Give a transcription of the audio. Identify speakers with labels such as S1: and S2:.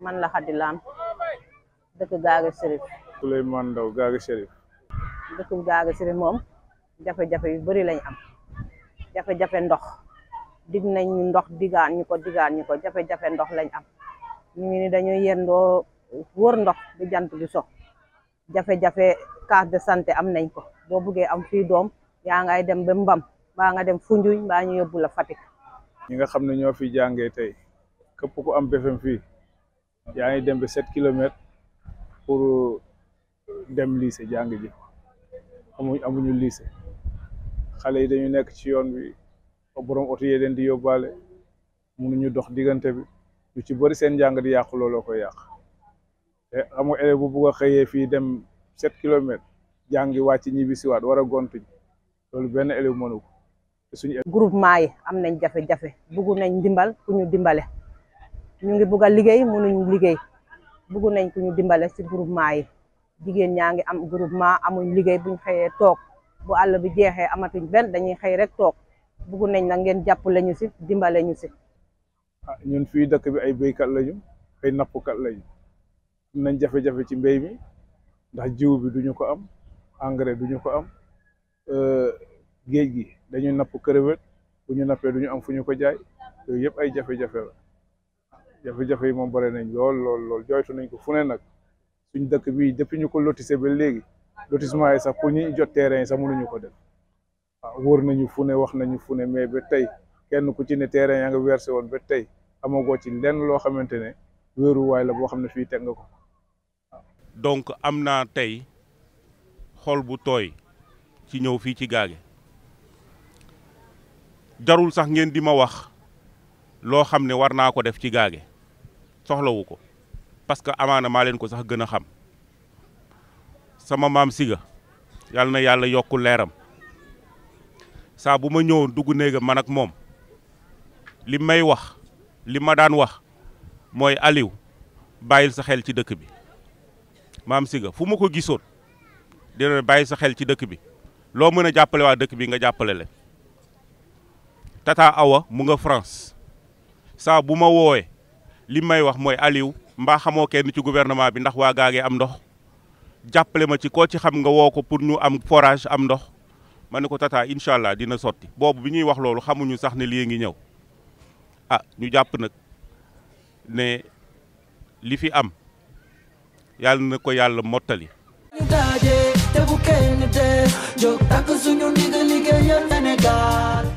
S1: man la Khady Lam dëkk Gaaga Chérif Souleymane Ndaw Gaaga Chérif dëkk Gaaga Chérif mom jafé jafé yu bari lañ am jafé jafé ndox dig nañ ñu ndox digaan ñuko ko digaan ñuko ko jafé ndox lañ am ñi ni dañuy yendo wor ndox bu jant bi sox jafé jafé de santé am nañ ko bo am fi doom yaa ngay dem ba bam ba nga dem Foundiougne ba ñu yóbbu la fatik
S2: ñi nga xamne fi jàngee tay képp ku am BFEM fi yaa ngi dem be sept kilomètres pour dem lycée jàng ji amuñ amuñu lycée xale yi dañu nekk ci yoon bi borom oto yee leen di yóbbaale mënuñu dox diggante bi lu ci bëri seen njàng di yàqu looloo koy yàq te amu élève bu bugg a xëyee fii dem sept kilomètres waat ci ñibbi si waat wara a gontuñ loolu benn élève mënu ko
S1: te groupement yi am nañ jafe-jafe bugg nañ ndimbal ku ñu dimbale ñu ngi bugg a liggéey mënuñu liggéey buggu nañ ku ñu dimbale si groupement yi jigéen ñaa ngi am groupement amuñ liggéey buñ xëyee toog bu àll bi jeexee amatuñ benn dañuy xëy rek toog bugg nañ la ngeen jàppale ñu si dimbale ñu si.
S2: ah ñun fii dëkk bi ay béykat lañu ay nappkat lañu am nañ jafe-jafe ci mbéy mi ndax jiw bi duñu ko am engrais duñu ko am euh, géej gi dañuy napp crevette bu ñu nappee ñu am fu ñu ko jaay yooyu ay jafe-jafe la. jafe-jafe yi moom bare nañ lool lool lool jooytu nañ ko fu nag suñ dëkk bii depuis ñu ko lotissé ba léegi lotissement yi sax ku ñuy jot terrain yi sax munuñu ko def waaw ah, wóor nañu fu ne wax nañu fu ne mais ba tey kenn ku ci ne terrain yaa nga versé woon ba tey amagoo ci lenn loo xamante
S3: ne wéeruwaay la boo xam ne fii teg nga ko donc am naa tey xool bu tooy ci ñëw fii ci gaage jarul sax ngeen di ma wax loo xam ne war naa ko def ci gaage soxlawu ko parce que amaana maa leen ko sax gën a xam sama maam Siga yàlla na yàlla yokku leeram saa bu ma ñëwoon dugg néegam man ak moom li may wax li ma daan wax mooy Aliou bàyyil sa xel ci dëkk bi maam Siga fu ma ko gisoon dina bàyyi sa xel ci dëkk bi loo mën a jàppale dëkk bi nga jàppale leen tata awa mu nga France saa bu ma woowee li may wax mooy Aliou mbaa xamoo kenn ci gouvernement bi ndax waa gaagee am ndox jàppale ma ci ko ci xam nga woo ko pour ñu am forage am ndox ma ne ko tataa incha allah dina sotti boobu bi ñuy wax loolu xamuñu sax ne lii ngi ñëw ah ñu jàpp nag ne li fi am yàll na ko yàlla mottali
S1: te bu kenn dee jóg takk suñu ndigal liggéeyal Sénégal